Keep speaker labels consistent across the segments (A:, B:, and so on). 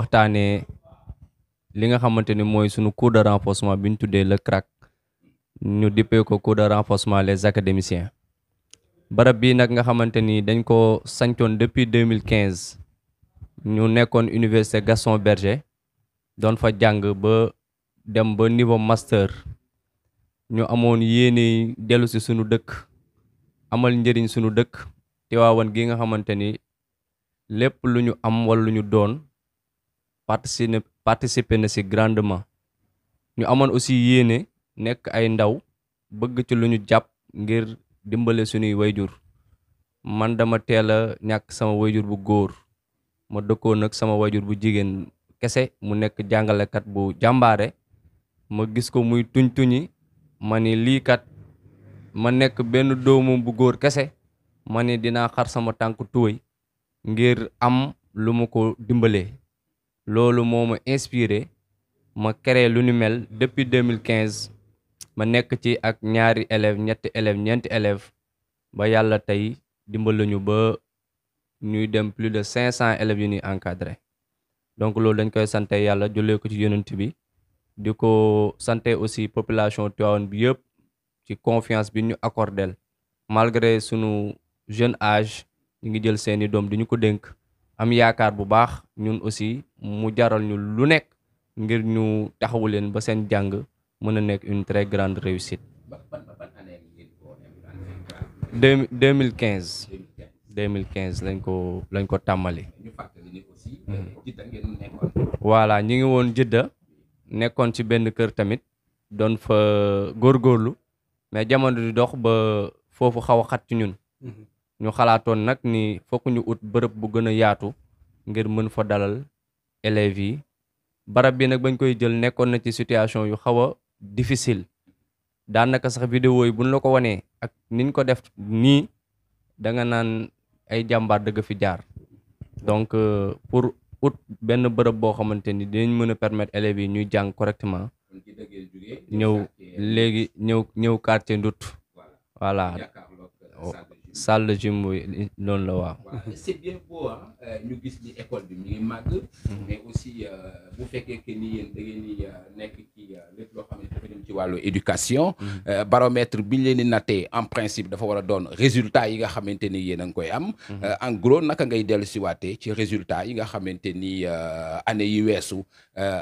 A: waxtaanee li nga xamante ni mooy sunu cours de renforcement bi tuddee le CRAC ñu dippee ko cours de renforcement les académiciens barab bii nag nga xamante ni dañ ko sancoon depuis 2015 ñu nekkoon université Gaston Berger doon fa jàng ba dem ba niveau master ñu amoon yéene dellu si sunu dëkk amal njëriñ sunu dëkk Tiwaawan gi nga xamante ni lépp lu ñu am wala lu ñu doon participer na participer na si grandement ñu amoon aussi yéene nekk ay ndaw bëgg ci lu ñu jàpp ngir dimbale suñuy wayjur man dama teel a ñàkk sama wayjur bu góor ma dëkkoon ak sama wayjur bu jigéen kese mu nekk jàngalekat bu jàmbaare ma gis ko muy tuñ tuñi ma ni lii ma nekk benn doomu bu góor kese ma ni dinaa xar sama tànk tuwéy ngir am lu ma ko dimbalee loolu moo ma inspiré ma créé lu ni mel depuis 2015 ma nekk ci ak ñaari élève ñetti élève ñeenti élève ba yàlla tey dimbal lañu ba ñuy dem plus de cinq cent élèves yu ñuy encadré donc loolu dañ koy sante yàlla jullee ko ci yonent bi di ko sante aussi population Tivaouane bi yëpp ci confiance bi ñu accordel malgré sunu jeune âge ñu ngi jël seeni doom di ñu ko dénk am yaakaar bu baax ñun aussi mu jaral ñu lu nekk ngir ñu taxawu leen ba seen jàng mën a nekk une très grande réussite. deux deux mille quinze. deux mille quinze lañ ko lañ ko tàmmali. voilà ñi ngi woon Jidda nekkoon ci benn kër tamit doon fa góorgóorlu mais jamono di dox ba foofu xaw a xat ci ñun. Mhm. ñu xalaatoon nag ni fokk ñu ut bërëb bu gën a yaatu ngir mën fa dalal élèves yi barab bi nag bañ koy jël nekkoon na ci situation yu xaw a difficile daanaka sax vidéo yi buñ la ko wanee ak niñ ko def nii da nga naan ay jàmbaar dëgg fi jaar donc euh, pour ut benn bërëb boo xamante ni dinañ mën a permettre élèves yi ñuy jàng correctement ñëw léegi ñëw ñëw quartier ndut voilà salle de gym mooy la waaw.
B: Euh, ñu gis ni école bi mu ngi màgg. Mhm. mais aussi euh, bu fekkee que ni yéen da ngeen euh, nekk ci lépp wàllu éducation. Mhm. baromètre bi ñu leen di nattee en principe dafa war a doon résultat yi nga xamante ni yéen a ngi koy am. Mhm. en naka ngay dellusi si ci résultat yi nga xamante ni année yi weesu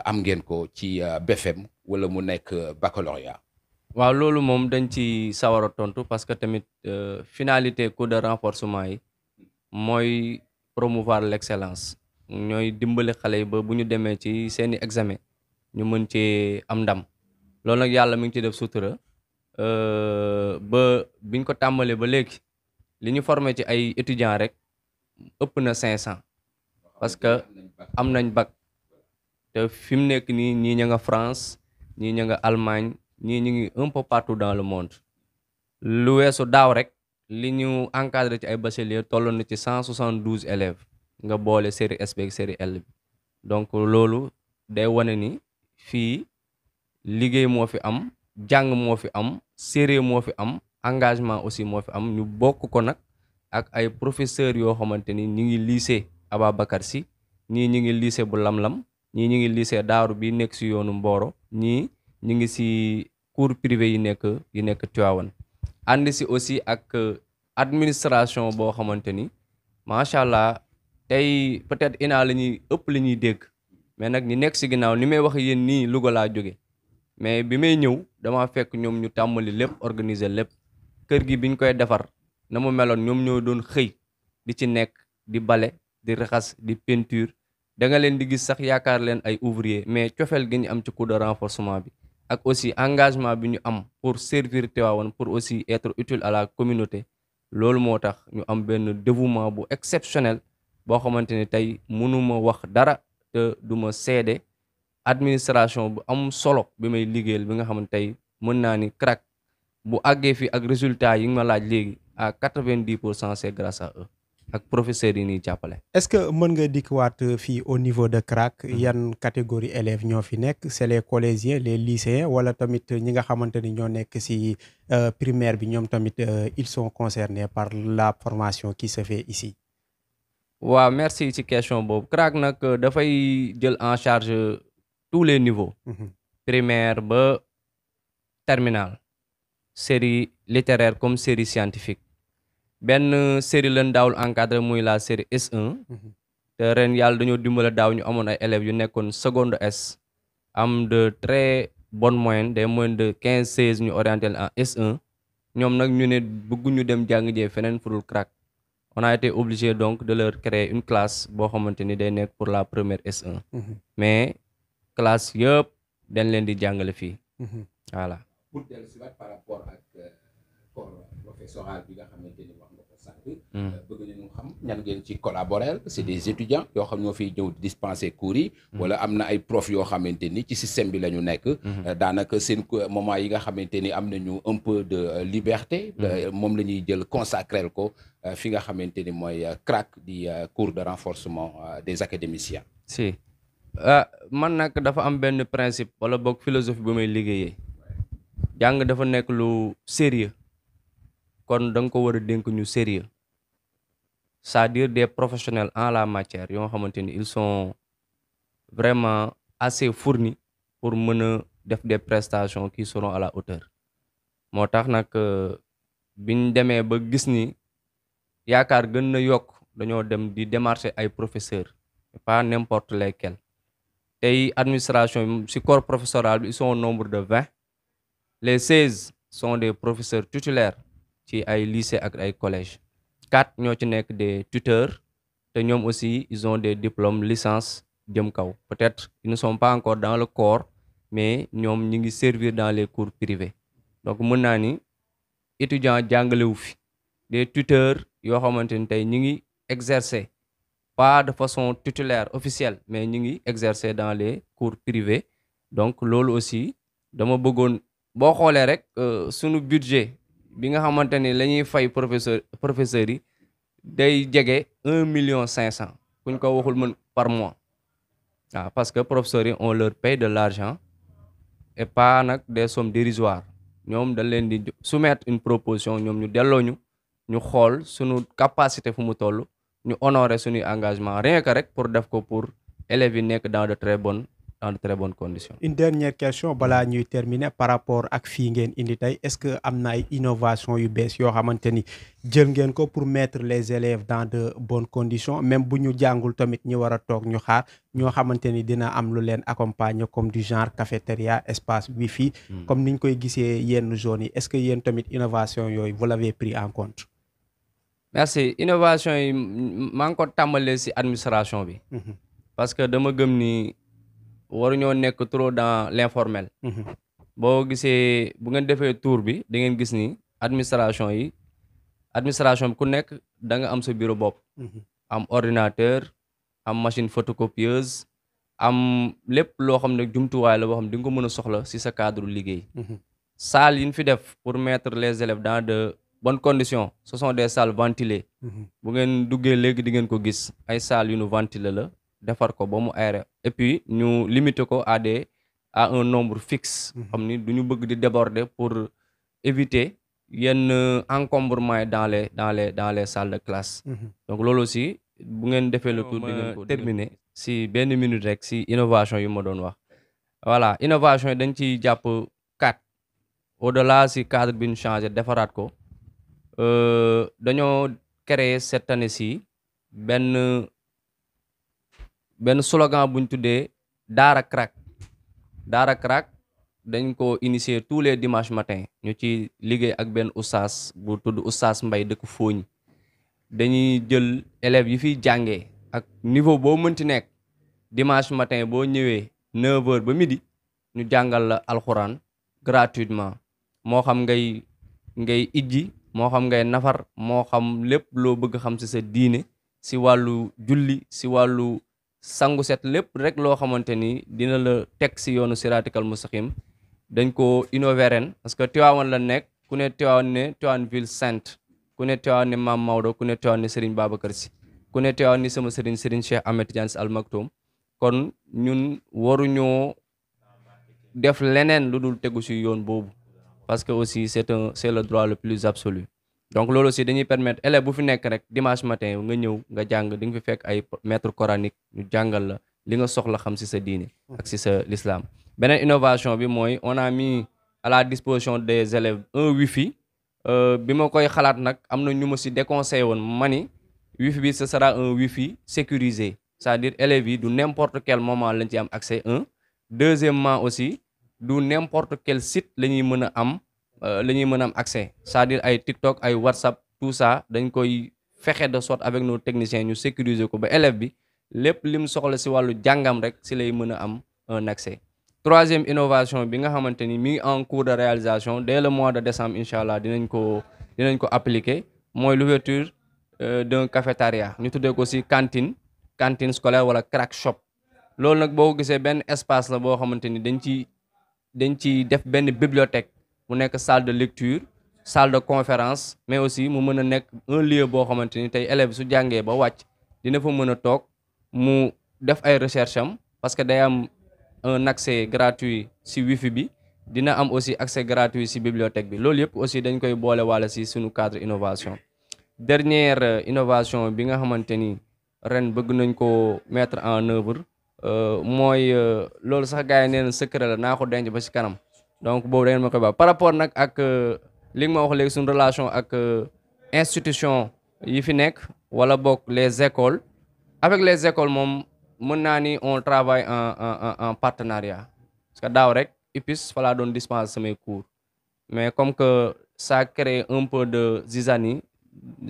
B: am ngeen ko ci BFM wala mu nekk baccalauréat.
A: waaw loolu moom dañ ci sawar a tontu parce que tamit euh, finalité coup de renforcement yi mooy promouvoir l'excellence ñooy dimbali xale yi ba bu ñu demee ci seeni examen ñu mën ci am ndam loolu nag yàlla mu ngi ci def sutura euh, ba biñ ko tàmbalee ba léegi li ñu formé ci ay étudiants rek ëpp na cinq cent parce que am nañ bac te fi mu nekk nii ñii ña nga France ñii ña nga Allemagne ñii ñu ngi un partout dans le monde lu weesu daaw rek li ñu encadré ci ay bachelier toll na ci cent soixante douze élèves nga boole série S beeg série L bi donc loolu day wane ni fii liggéey moo fi am jàng moo fi am série moo fi am engagement aussi moo fi am ñu bokk ko nag ak ay professeurs yoo xamante ni ñu ngi lycée Ababacar Sy ñii ñu ngi lycée bu lam lam ñii ñu ngi lycée Daaru bi nekk si yoonu mbooro ñu ngi si cours privé yi nekk yi nekk Tivaouane ànd si aussi ak euh, administration boo xamante ni macha allah tey peut-être ina la ñuy ëpp la ñuy dégg mais nag ñi nekk si ginnaaw ni may wax yéen nii Louga laa jóge mais bi may ñëw dama fekk ñoom ñu tàmbali lépp organiser lépp kër gi biñ koy defar na mu meloon ñoom ñoo doon xëy di ci nekk di bale di raxas di peinture da nga leen di gis sax yaakaar leen ay ouvrier mais cofeel gi ñu am ci coup de renforcement bi ak aussi engagement bi ñu am pour servir Tivaouane pour aussi être utile à la communauté loolu moo tax ñu am benn dévouement bu exceptionnel boo xamante ne tey mënuma wax dara te duma sede seede administration bu am solo bi may liggéeyal bi nga xamante tey mën naa ni CRAC bu àggee fii ak résultat yi nga ma laaj léegi à quatre-vingt-dix pour cent c'est grâce à eux ak professeurs yi ñuy jàppale.
B: est-ce que mën nga dikkuwaat euh, fii au niveau de CRAC mm-hmm. yan catégorie élèves ñoo fi nekk c'est les collégiens les lycéens wala tamit ñi nga xamante ni ñoo nekk ci euh, primaire bi ñoom tamit euh, ils sont concernés par la formation qui se fait ici.
A: waaw merci ci question boobu CRAC nag dafay jël en charge tous les niveaux. Mm-hmm. primaire ba terminal série littéraire comme série scientifique. benn série leen daawul encadre muy la série s mhm. te ren yàlla dañoo dimbale daaw ñu amoon ay élèves yu nekkoon seconde S am de très bonnes moyennes des moyennes de quinze seize ñu orienté en s ñoom nag ñu ne bëgguñu dem jàng jee feneen furul CRAC on a été obligé donc de leur créer une classe boo xamante ni day nekk pour la première s mhm. mais classe yëpp dañ leen di jàngale fii mhm. voilà
B: professoral bi nga xamante ni wax
A: hmm. euh,
B: xam ñan ngeen ci collaborer c'est des hmm. étudiants yoo xam ñoo fiy jëw dispenser cours hmm. wala am na ay prof yoo xamante ni ci système bi la ñu nekk. Euh, daanaka seen moment yi nga xamante ni am nañu un peu de euh, liberté. moom la ñuy jël consacrer ko fi nga xamante ni mooy CRAC di cours de renforcement des académiciens.
A: si man nag dafa am benn principe wala boog philosophie bu may liggéeyee. jàng dafa nekk lu sérieux kon da nga ko war a dénk ñu sérieux cest dire des professionnels en la matière yoo xamante ni ils sont vraiment assez fournis pour mën a def des prestations qui seront à la hauteur moo tax nag euh, biñ demee ba gis ni yaakaar gën na yokk dañoo dem di démarcher ay professeurs pas n'importe lesquels tey administration si corps professoral bi ils sont nombre de vingt les seize son des professeurs titulaires ci ay lycée ak ay collège quatre ñoo ci nekk des tuteurs te ñoom aussi ils ont des diplômes licence jëm kaw peut-être ils ne sont pas encore dans le corps mais ñoom ñu ngi servir dans les cours privés donc mën naa ni étudiant jàngalewu fi des tuteurs yoo xamante ni tey ñu ngi exercer pas de façon titulaire officielle mais ñu ngi exercer dans les cours privés donc loolu aussi dama bëggoon boo xoolee rek euh, sunu budget bi nga xamante ni la ñuy fay professeur professeurs yi day jege un million cinq cent kuñ ko waxul mën par mois waaw ah, parce que professeurs yi on leur paye de l'argent et pas nag des sommes dérisoires ñoom dañ leen di soumettre une proposition ñoom ñu delloo ñu ñu xool sunu capacité fu mu toll ñu honorer suñuy engagement rien que rek pour def ko pour élèves yi nekk dans de très bonnes dans de très bonnes conditions. une
B: dernière question balaa ñuy terminer par rapport ak fii ngeen indi tey est-ce que am na ay innovation yu bees yoo xamante ni jël ngeen ko pour mettre les élèves dans de bonnes conditions même bu ñu jàngul tamit ñu war a toog ñu xaar ñoo xamante ni dina am lu leen accompagner comme du genre cafétéria espace wifi hmm. comme niñ koy gisee yenn zones yi est-ce que yéen tamit innovation yooyu vous l'avez pris en compte.
A: merci innovation yi maa ko tàmbalee ci administration bi. Mhm. waruñoo nekk trop dans l' informel. Mhm. boo gisee bu ngeen defee tour bi dangeen gis ni administration yi administration bi ku nekk da nga am sa bureau bopp. Mhm. am ordinateur am machine photocopieuse am lép loo xam ne jumtuwaay la boo xam ne di ko mën a soxla si sa cadre liggéey. Mhm. salle yi fi def pour mettre les élèves dans de bonnes conditions ce sont des salles ventilées. bu ngeen duggee léegi di ko gis ay salles yu nu la defar ko ba mu aéré et puis ñu limiter ko à des à un nombre fixe. xam mhm. ni du ñu bëgg di déborder pour éviter yenn encombrement yi dans les dans les dans les salles de classe. Mhm. donc loolu aussi bu ngeen defee le tour ko terminer si benn minute rek si innovation yi ma doon wax. voilà innovation yi dañ ciy jàpp quatre au delà si cadre bi ñu changé defaraat ko euh, dañoo créer cette année ci benn. benn slogan bu ñu tuddee Daara Crack Daara Crack dañ ko initier tous les dimanches matin ñu ci liggéey ak benn oustaz bu tudd oustaz Mbay dëkk Fooñ dañuy jël élèves yi fiy jàngee ak niveau boo mënti nekk dimanche matin boo ñëwee 9h ba midi ñu jàngal la alxuraan gratuitement moo xam ngay ngay ijji moo xam ngay nafar moo xam lépp loo bëgg xam ci sa diine si wàllu julli ci wàllu sangu set lépp rek loo xamante ni dina la teg si yoonu siraatikal mustaqim dañ ko innové ren parce que Tiwaawan la nekk ku ne Tiwaawan ne Tiwaawan ville sainte ku ne Tiwaawan ne Maam Maodo ku ne Tiwaawan ne Serigne Babacar Sy ku ne Tiwaawan ni sama Serigne Serigne Cheikh Ahmed Tidiane Al Maktoum kon ñun waruñoo def leneen lu dul tegu si yoon boobu parce que aussi c'est un c'est le droit le plus absolu donc loolu aussi dañuy permettre élève bu fi nekk rek dimanche matin nga ñëw nga jàng di nga fi fekk ay maître coranique ñu jàngal la li nga soxla xam ci sa diine ak ci sa l'islam beneen innovation bi mooy on a mis à la disposition des élèves un wifi euh, bi ma koy xalaat nag am na ñu ma ci déconseillé woon mani ni wifi bi sa sera un wifi sécurisé c'est-à-dire élèves yi du n'importe kell moment lañ ci am accès un deuxièmement aussi du n'importe quel site la ñuy mën a am Euh, la ñuy mën a am accès c'est-à-dire ay TikTok ay WhatsApp tout dañ koy fexe de sorte avec nos techniciens ñu sécuriser ko ba élève bi lépp lim soxla si wàllu jàngam rek si lay mën a am un accès. troisième innovation bi nga xamante ni mi en cours de réalisation des le mois de décembre incha allah dinañ ko dinañ ko appliquer mooy l'ouverture euh, d'un cafétéria ñu tuddee ko si cantine cantine scolaire wala crack loolu nag boo gisee benn espace la boo xamante ni dañ ci dañ ci def benn bibliothèque. mu nekk salle de lecture salle de conférence mais aussi mu mën a nekk un lieu boo xamante ni tey élève su jàngee ba wàcc dina fa mën a toog mu def ay recherche am parce que day am un accès gratuit si wifi bi dina am aussi accès gratuit si bibliothèque bi loolu yëpp aussi dañ koy boole walla si suñu cadre innovation dernière euh, innovation bi nga xamante ni ren bëgg nañ ko mettre en œuvre euh, mooy euh, loolu sax gars yi nee na la naa ko denc ba si kanam donc boobu da ma koy baax par rapport nag ak euh, li ma wax léegi suñu relation ak euh, institution yi fi nekk wala bokk les écoles avec les écoles moom mën naa ni on travaille en en en partenariat parce que daaw rek IPIS fa laa doon dispenser samay cours mais comme que sa crée un peu de zizanie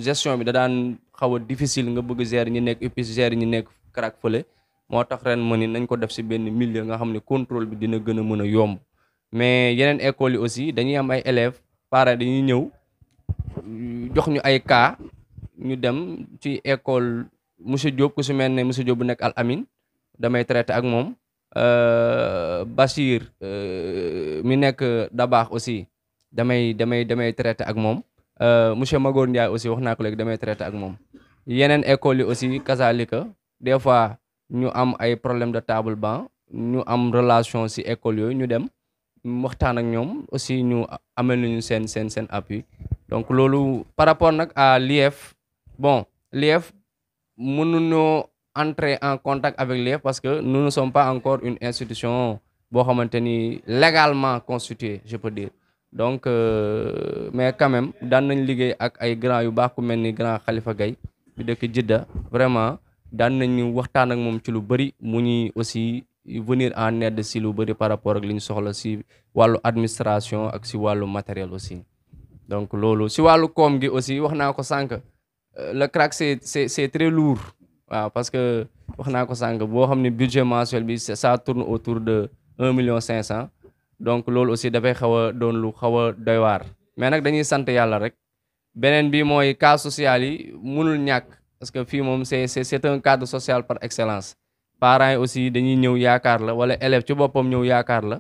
A: gestion bi da daan xaw a difficile nga bëgg gérer ñi nekk UPIS gérer ñi nekk CRAC fële moo tax ren ma ni nañ ko def si benn milieu nga xam ne contrôle bi dina gën a mën a yomb mais yeneen école yi aussi dañuy am ay élèves parents dañuy ñëw jox ñu ay ka ñu dem ci école monsieur Diop si mel ne monsieur bu nekk Al Amin damay traité ak moom euh, Bachir euh, mi nekk Dabaax aussi damay damay damay traité ak moom euh, monsieur Magor Ndiaye aussi wax naa ko léegi damay traité ak moom yeneen école yi aussi kasaalika des fois ñu am ay problème de table banc ñu am relation si école yooyu ñu dem waxtaan ak ñoom aussi ñu amel ñu seen seen seen appui donc loolu par rapport nag à l'IEF bon l'IEF ñu entrer en contact avec l'IEF parce que nous ne sommes pas encore une institution boo xamante ni légalement constituée je peux dire donc euh, mais quand même daan nañ liggéey ak ay grand yu baax ku mel ni grand Khalifa Gaye bi dëkk Jidda vraiment daan nañu waxtaan moom ci lu bëri mu ñuy aussi venir en aide si lu bëri par rapport ak li ñu soxla si wàllu administration ak si wàllu matériel aussi donc loolu si wàllu koom gi aussi wax naa ko sànq euh, le CRAC c'est c'est c'est très lourd waaw parce que wax naa ko sànq boo xam ne budget mensuel bi ça tourne autour de un million cinq cent donc loolu aussi dafay xaw a doon lu xaw a waar mais nag dañuy sant yàlla rek beneen bi mooy cas social yi mënul ñàkk parce que fii moom c'est c'est un cadre social par excellence parents yi aussi dañuy ñëw yaakaar la wala élève ci boppam ñëw yaakaar la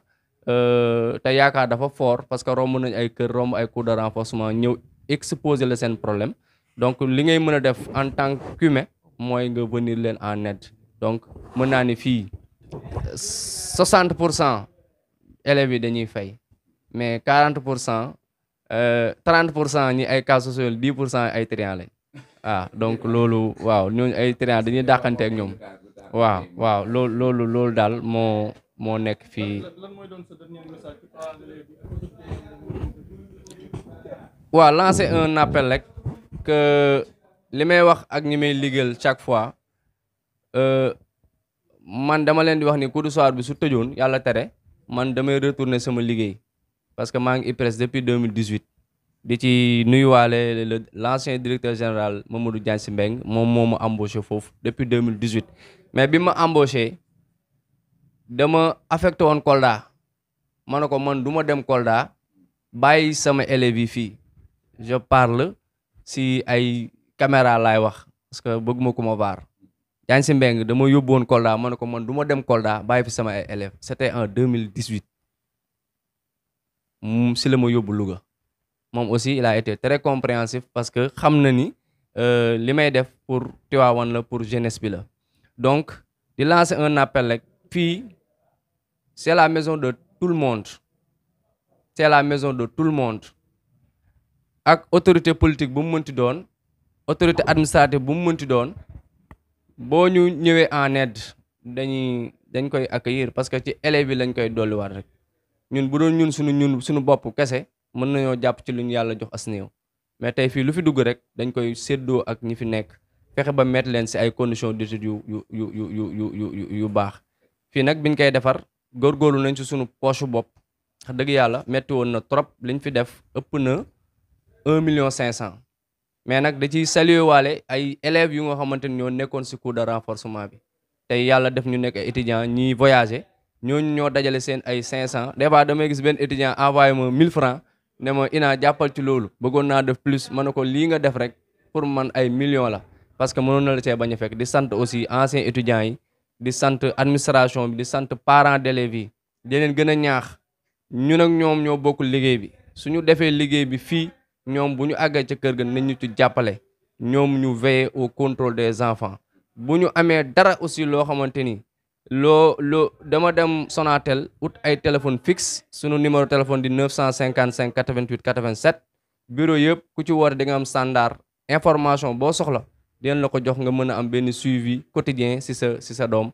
A: euh, te yaakaar dafa fort parce que romb nañ ay kër romb ay cours de renforcement ñëw exposer la seen problème donc li ngay mën a def en tant qu'humain mooy nga venir leen en aide donc mën naa ni fii 60 pour cent élèves yi dañuy fay mais 40 pour cent 30 euh, pour cent ñi ay cas sociaux 10 pour cent ay trian lañ ah donc loolu waaw ñooñu ay trian dañuy dàqante ak ñoom waaw waaw loolu loolu loolu daal moo moo nekk fii waaw lancer un appel rek li may wax ak ñi may liggéel chaque fois euh, man dama leen di wax ni coup du soir bi su tëjoon yàlla tere man damay retourner sama liggéey parce que maa ngi IPRES depuis 2018 di ci nuyuwaale le l' ancien directeur général ma Mamadou Diagne si Mbengue moom moom ma embauché foofu depuis 2018 mais bi ma embauché dama affecté woon Kolda ma ne ko man duma dem Kolda bàyyi sama élèves yi fii je parle si ay caméra laay wax parce que bëgguma ku ma vaar yaa ngi si mbeng dama yóbbu woon Kolda ma ne ko man duma dem Kolda bàyyi fi sama ay élèves c'était en 2018 moom mm, si la ma yóbbu Louga moom aussi il a été très compréhensif parce que xam na ni euh, li may def pour Tivaouane la pour jeunesse bi la donc di lancer un appel rek fii c'est la maison de tout le monde c'est la maison de tout le monde ak autorité politique bu mu mënti doon autorité administrative bu mu mënti doon boo ñu ñëwee en aide dañuy dañ koy accueillir parce que ci élèves yi lañ koy dolliwaat rek ñun bu doon ñun suñu ñun suñu bopp kese mën nañoo jàpp ci lu ñu yàlla jox as néew mais tey fii lu fi dugg rek dañ koy séddoo ak ñi fi nekk fexe ba mettre leen si ay conditions d'étude yu yu yu yu yu yu yu baax fii nag biñ koy defar góorgóorlu nañ si sunu poche bopp dëgg yàlla metti woon na trop liñ fi def ëpp na un million cinq cent mais nag da ciy saluer waale ay élèves yu nga xamante ni ñoo nekkoon si cours de renforcement bi tey yàlla def ñu nekk ay étudiants ñiy voyager ñooñu ñoo dajale seen ay cinq cent des fois damay gis benn étudiant envoyé ma mille francs ne ma ina jàppal ci loolu bëggoon naa def plus ma ne ko lii nga def rek pour man ay millions la parce que mënoon na la see bañ fekk di sant aussi anciens étudiants yi di sant administration bi di sant parent d'élèves yi di leen gën a ñaax ñu nag ñoom ñoo bokkul liggéey bi su ñu defee liggéey bi fii ñoom bu ñu àggee ca kër ga nañ ñu ci jàppale ñoom ñu veiller au contrôle des enfants bu ñu amee dara aussi loo xamante ni loo loo dama dem sonateel ut ay téléphone fixe suñu numéro téléphone di 955 88 87 bureau yëpp ku ci woote di nga am standard information boo soxla dinañ la ko jox nga mën a am benn suivi quotidien si sa si sa doom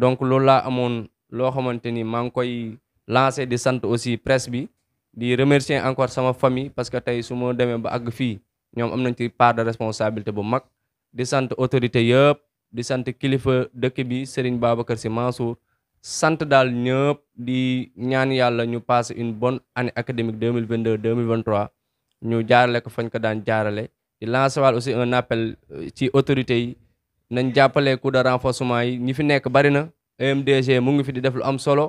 A: donc loolu laa amoon loo xamante ni maa ngi koy lancé di sant aussi presse bi di remercier encore sama famille parce que tey su ma demee ba àgg fii ñoom am nañ ci part de responsabilité bu mag di sant autorité yëpp di sant kilifa dëkk bi Serigne Babacar Sy Mansour sant daal ñëp di ñaan yàlla ñu passé une bonne année académique 2022 2023 ñu jaarale ko fañ ko daan jaarale di lancer waal aussi un appel euh, ci autorités yi nañ jàppale coup de renforcement yi ñi fi nekk bari na EMDG mu ngi fi di def lu am solo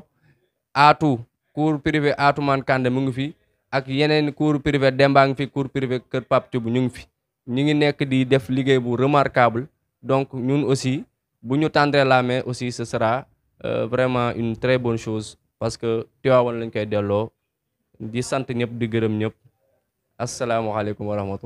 A: aatu cours privé aatu man Kande mu ngi fi ak yeneen cours privé Demba ngi fi cours privé Kër Pape Thioub ñu ngi fi ñu ngi nekk di def liggéey bu remarcable donc ñun aussi bu ñu tendre la main aussi ce sera euh, vraiment une très bone chose parce que Tivaouane lañ koy delloo di sant ñëpp di gërëm ñëpp asalaamaaleykum wa